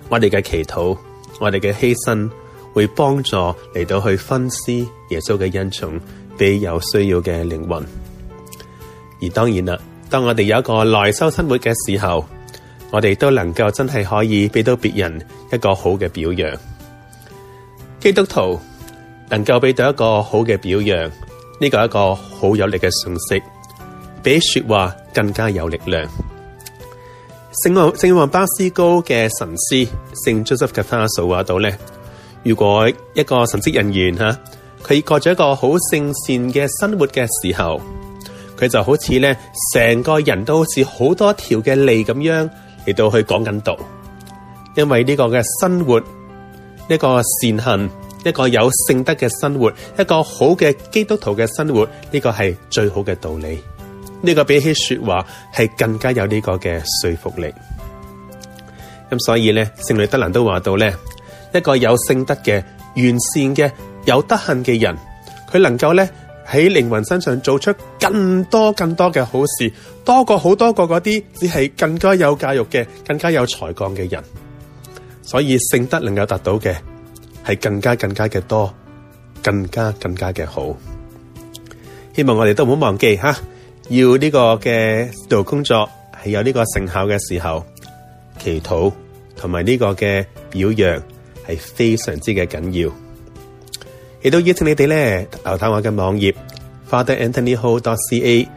我哋嘅祈禱。我哋嘅犧牲會幫助嚟到去分施耶穌嘅恩寵俾有需要嘅靈魂。而當然啦，當我哋有一個內修生活嘅時候，我哋都能夠真係可以畀到別人一個好嘅表揚。基督徒能夠畀到一個好嘅表揚，呢、這個係一個好有力嘅訊息，比說話更加有力量。聖聖望巴斯高嘅神師聖 Joseph 嘅花掃話到咧，如果一個神職人員吓，佢、啊、過咗一個好聖善嘅生活嘅時候，佢就好似咧成個人都好似好多條嘅利咁樣嚟到去講緊道，因為呢個嘅生活一、一個善行，一個有聖德嘅生活，一個好嘅基督徒嘅生活，呢、呢個係最好嘅道理。呢個比起說話係更加有呢個嘅說服力。咁所以咧，聖女德蘭都話到咧，一個有聖德嘅完善嘅有德行嘅人，佢能夠咧喺靈魂身上做出更多更多嘅好事，多過好多個嗰啲只係更加有教育嘅、更加有才幹嘅人。所以聖德能夠達到嘅係更加更加嘅多，更加更加嘅好。希望我哋都唔好忘記吓。要呢個嘅指導工作係有呢個成效嘅時候，祈禱同埋呢個嘅表揚係非常之嘅緊要。亦都邀請你哋咧瀏覽我嘅網頁，FatherAnthonyHo.CA，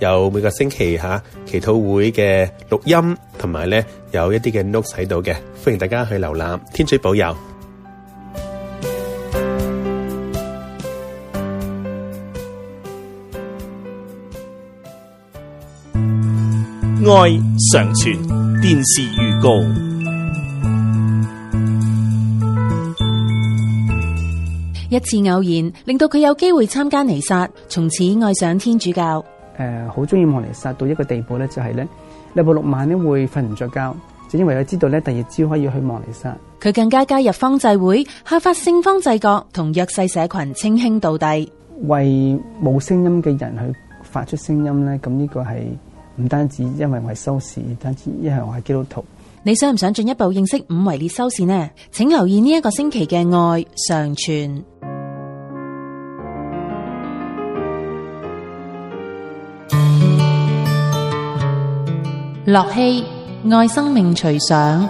有每個星期吓祈禱會嘅錄音，同埋咧有一啲嘅 note 睇到嘅，歡迎大家去瀏覽。天主保佑。愛常傳電視預告。一次偶然令到佢有機會參加彌撒，從此愛上天主教。誒、呃，好中意望彌撒到一個地步咧，就係咧禮拜六晚咧會瞓唔着覺，就因為佢知道咧第二朝可以去望彌撒。佢更加加入方濟會，下發聖方濟各同弱勢社群稱兄道弟，為冇聲音嘅人去發出聲音咧。咁呢個係。唔單止因為我係修士，單止因為我係基督徒。你想唔想進一步認識五維列修士呢？請留意呢一個星期嘅《愛常傳》。樂器《愛生命隨想》。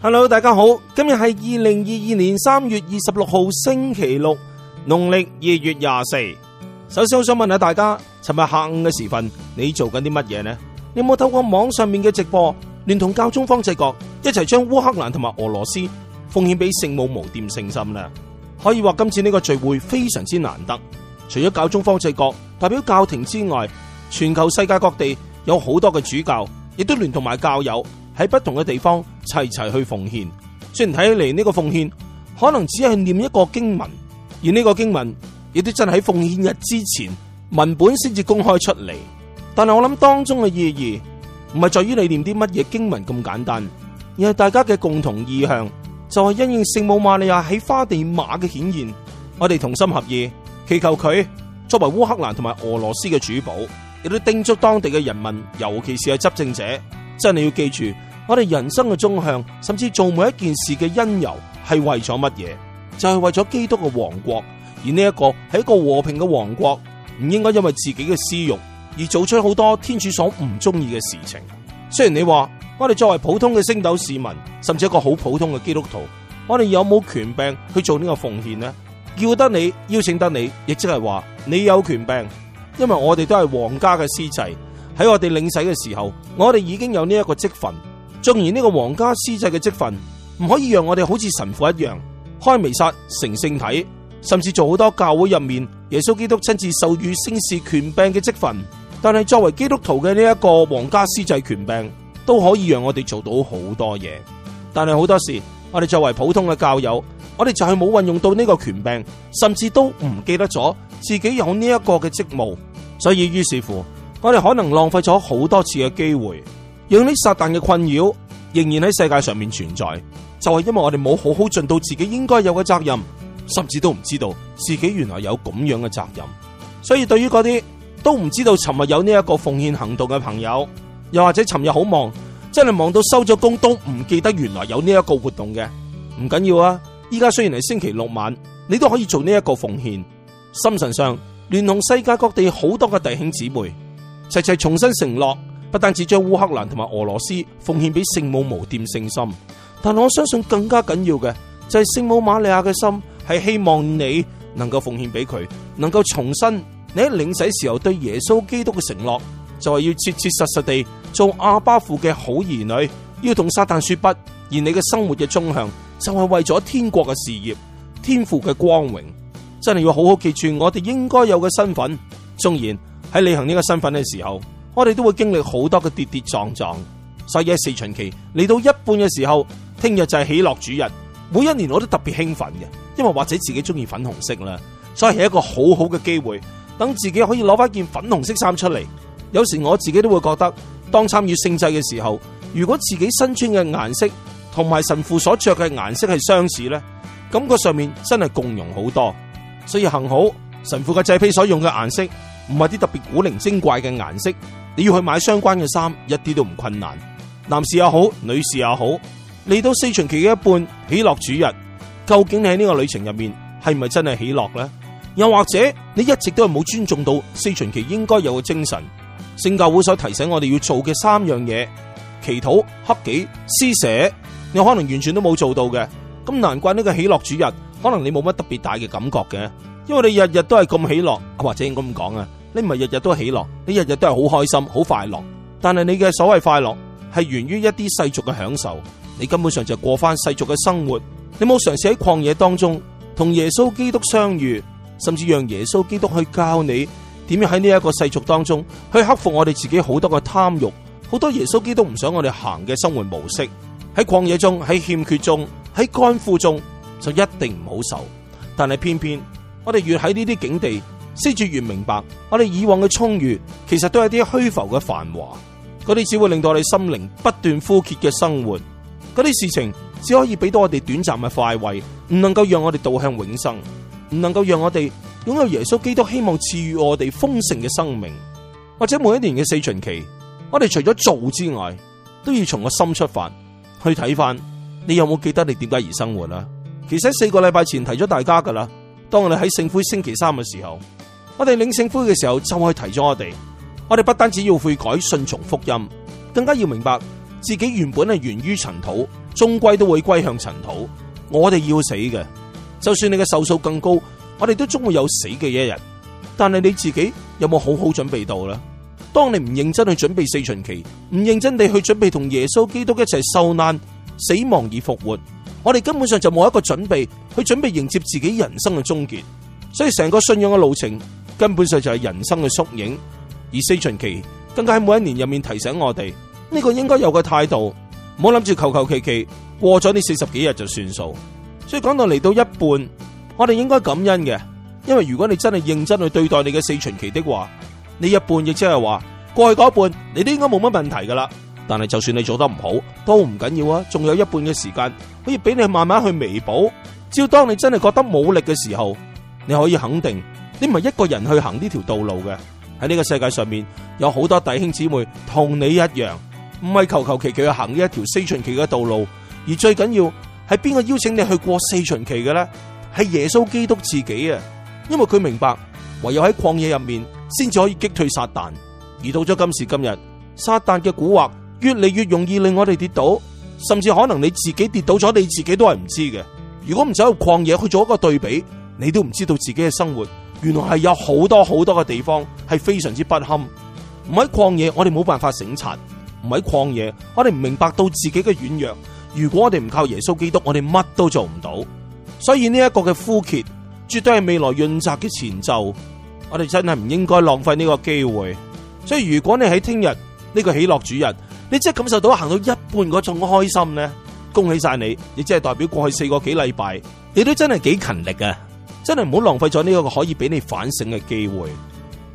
Hello，大家好，今日係二零二二年三月二十六號星期六，農曆二月廿四。首先，我想問下大家，尋日下午嘅時分，你做緊啲乜嘢呢？你有冇透過網上面嘅直播，連同教宗方濟各一齊將烏克蘭同埋俄羅斯奉獻俾聖母無玷聖心呢？可以話今次呢個聚會非常之難得，除咗教宗方濟各代表教廷之外，全球世界各地有好多嘅主教，亦都連同埋教友喺不同嘅地方齊齊去奉獻。雖然睇起嚟呢個奉獻可能只係念一個經文，而呢個經文。亦都真係喺奉獻日之前，文本先至公開出嚟。但係我諗當中嘅意義唔係在於你念啲乜嘢經文咁簡單，而係大家嘅共同意向就係因應聖母瑪利亞喺花地馬嘅顯現。我哋同心合意祈求佢作為烏克蘭同埋俄羅斯嘅主保，亦都叮囑當地嘅人民，尤其是係執政者，真係要記住我哋人生嘅終向，甚至做每一件事嘅因由係為咗乜嘢？就係為咗基督嘅王國。而呢一個係一個和平嘅王國，唔應該因為自己嘅私欲而做出好多天主所唔中意嘅事情。雖然你話我哋作為普通嘅星斗市民，甚至一個好普通嘅基督徒，我哋有冇權柄去做呢個奉獻呢？叫得你邀請得你，亦即係話你有權柄。因為我哋都係皇家嘅司祭，喺我哋領洗嘅時候，我哋已經有呢一個職份。縱然呢個皇家司祭嘅職份唔可以讓我哋好似神父一樣開彌撒成聖體。甚至做好多教會入面，耶穌基督親自授予聖事權柄嘅職份，但係作為基督徒嘅呢一個皇家司祭權柄，都可以讓我哋做到好多嘢。但係好多時，我哋作為普通嘅教友，我哋就係冇運用到呢個權柄，甚至都唔記得咗自己有呢一個嘅職務。所以於是乎，我哋可能浪費咗好多次嘅機會，讓呢撒旦嘅困擾仍然喺世界上面存在，就係、是、因為我哋冇好好盡到自己應該有嘅責任。甚至都唔知道自己原來有咁樣嘅責任，所以對於嗰啲都唔知道尋日有呢一個奉獻行動嘅朋友，又或者尋日好忙，真係忙到收咗工都唔記得原來有呢一個活動嘅，唔緊要啊！依家雖然係星期六晚，你都可以做呢一個奉獻。心神上聯同世界各地好多嘅弟兄姊妹齊齊重新承諾，不單止將烏克蘭同埋俄羅斯奉獻俾聖母無玷聖心，但我相信更加緊要嘅就係聖母瑪利亞嘅心。係希望你能夠奉獻俾佢，能夠重申你喺領洗時候對耶穌基督嘅承諾，就係要切切實實地做阿巴父嘅好兒女，要同撒旦說不。而你嘅生活嘅中向就係為咗天國嘅事業、天父嘅光榮，真係要好好記住我哋應該有嘅身份。縱然喺履行呢個身份嘅時候，我哋都會經歷好多嘅跌跌撞撞。所以喺四旬期嚟到一半嘅時候，聽日就係喜樂主日。每一年我都特別興奮嘅。因為或者自己中意粉紅色啦，所以係一個好好嘅機會，等自己可以攞翻件粉紅色衫出嚟。有時我自己都會覺得，當參與聖祭嘅時候，如果自己身穿嘅顏色同埋神父所着嘅顏色係相似呢，感覺上面真係共融好多。所以幸好神父嘅祭披所用嘅顏色唔係啲特別古靈精怪嘅顏色，你要去買相關嘅衫一啲都唔困難。男士也好，女士也好，嚟到四旬期嘅一半喜樂主日。究竟你喺呢個旅程入面係咪真係喜樂呢？又或者你一直都係冇尊重到四旬期應該有嘅精神？聖教會所提醒我哋要做嘅三樣嘢：祈禱、克己、施捨。你可能完全都冇做到嘅，咁難怪呢個喜樂主日，可能你冇乜特別大嘅感覺嘅，因為你日日都係咁喜樂，或者應該咁講啊，你唔係日日都喜樂，你日日都係好開心、好快樂，但係你嘅所謂快樂係源於一啲世俗嘅享受，你根本上就係過翻世俗嘅生活。你冇嘗試喺曠野當中同耶穌基督相遇，甚至讓耶穌基督去教你點樣喺呢一個世俗當中去克服我哋自己好多嘅貪欲，好多耶穌基督唔想我哋行嘅生活模式。喺曠野中，喺欠缺中，喺乾枯中，就一定唔好受。但係偏偏我哋越喺呢啲境地，先至越明白，我哋以往嘅充裕其實都係啲虛浮嘅繁華，嗰啲只會令到我哋心靈不斷枯竭嘅生活，嗰啲事情。只可以俾到我哋短暫嘅快慰，唔能夠讓我哋導向永生，唔能夠讓我哋擁有耶穌基督希望賜予我哋豐盛嘅生命。或者每一年嘅四旬期，我哋除咗做之外，都要從個心出發去睇翻，你有冇記得你點解而生活啦？其實四個禮拜前提咗大家噶啦，當我哋喺聖灰星期三嘅時候，我哋領聖灰嘅時候就去提咗我哋，我哋不單止要悔改、信從福音，更加要明白自己原本係源於塵土。終歸都會歸向塵土，我哋要死嘅。就算你嘅壽數更高，我哋都終會有死嘅一日。但係你自己有冇好好準備到呢？當你唔認真去準備四旬期，唔認真地去準備同耶穌基督一齊受難、死亡而復活，我哋根本上就冇一個準備去準備迎接自己人生嘅終結。所以成個信仰嘅路程根本上就係人生嘅縮影，而四旬期更加喺每一年入面提醒我哋呢個應該有嘅態度。唔好諗住求求其其過咗呢四十幾日就算數，所以講到嚟到一半，我哋應該感恩嘅，因為如果你真係認真去對待你嘅四旬期的話，你一半亦即係話過去嗰一半，你都應該冇乜問題噶啦。但係就算你做得唔好，都唔緊要啊，仲有一半嘅時間可以俾你慢慢去彌補。只要當你真係覺得冇力嘅時候，你可以肯定，你唔係一個人去行呢條道路嘅，喺呢個世界上面有好多弟兄姊妹同你一樣。唔係求求其其去行呢一條四旬期嘅道路，而最緊要係邊個邀請你去過四旬期嘅咧？係耶穌基督自己啊！因為佢明白，唯有喺曠野入面，先至可以擊退撒旦。而到咗今時今日，撒旦嘅蠱惑越嚟越容易令我哋跌倒，甚至可能你自己跌倒咗，你自己都係唔知嘅。如果唔走入曠野去做一個對比，你都唔知道自己嘅生活，原來係有好多好多嘅地方係非常之不堪。唔喺曠野，我哋冇辦法省察。唔喺曠野，我哋唔明白到自己嘅軟弱。如果我哋唔靠耶穌基督，我哋乜都做唔到。所以呢一個嘅枯竭，絕對係未來潤澤嘅前奏。我哋真係唔應該浪費呢個機會。所以如果你喺聽日呢個喜樂主日，你真係感受到行到一半嗰種開心呢，恭喜晒你！你真係代表過去四個幾禮拜，你都真係幾勤力啊！真係唔好浪費咗呢個可以俾你反省嘅機會，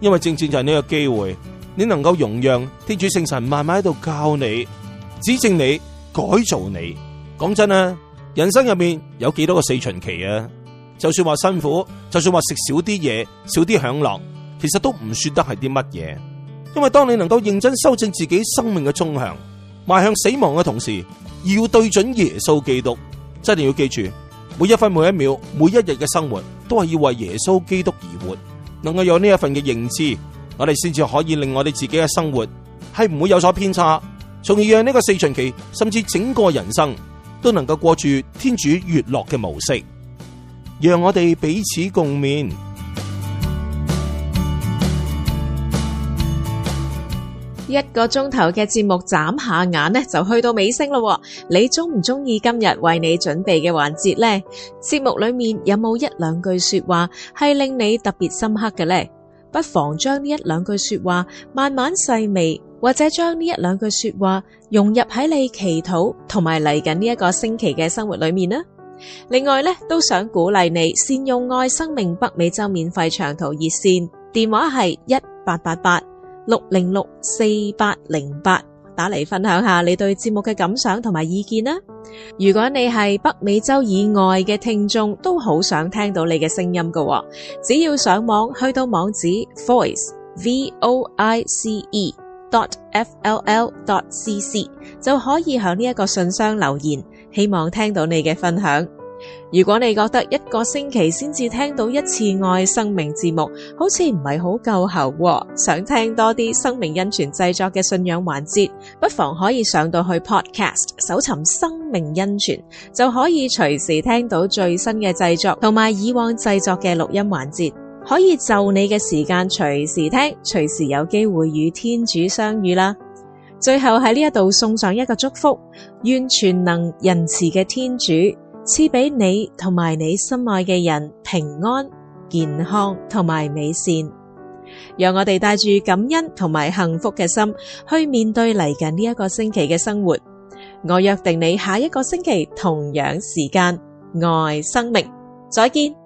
因為正正就係呢個機會。你能夠容讓天主聖神慢慢喺度教你、指正你、改造你。講真啊，人生入面有幾多個四旬期啊？就算話辛苦，就算話食少啲嘢、少啲享樂，其實都唔算得係啲乜嘢。因為當你能夠認真修正自己生命嘅終向，邁向死亡嘅同時，而要對準耶穌基督，真係要記住每一分、每一秒、每一日嘅生活都係要為耶穌基督而活。能夠有呢一份嘅認知。我哋先至可以令我哋自己嘅生活係唔會有所偏差，從而讓呢個四旬期甚至整個人生都能夠過住天主悦樂嘅模式，讓我哋彼此共勉。一個鐘頭嘅節目，眨下眼呢就去到尾聲咯。你中唔中意今日為你準備嘅環節呢？節目裏面有冇一兩句說話係令你特別深刻嘅呢？不妨將呢一兩句說話慢慢細味，或者將呢一兩句說話融入喺你祈禱同埋嚟緊呢一個星期嘅生活裏面啦。另外呢，都想鼓勵你善用愛生命北美洲免費長途熱線，電話係一八八八六零六四八零八。打嚟分享下你對節目嘅感想同埋意見啦！如果你係北美洲以外嘅聽眾，都好想聽到你嘅聲音㗎喎，只要上網去到網址 voice.voice.dot.fll.dot.cc 就可以喺呢一個信箱留言，希望聽到你嘅分享。如果你覺得一個星期先至聽到一次愛生命節目，好似唔係好夠喉，想聽多啲生命恩泉製作嘅信仰環節，不妨可以上到去 Podcast 搜尋生命恩泉，就可以隨時聽到最新嘅製作，同埋以往製作嘅錄音環節，可以就你嘅時間隨時聽，隨時有機會與天主相遇啦。最後喺呢一度送上一個祝福，願全能仁慈嘅天主。賜俾你同埋你心愛嘅人平安、健康同埋美善，讓我哋帶住感恩同埋幸福嘅心去面對嚟緊呢一個星期嘅生活。我約定你下一個星期同樣時間愛生命，再見。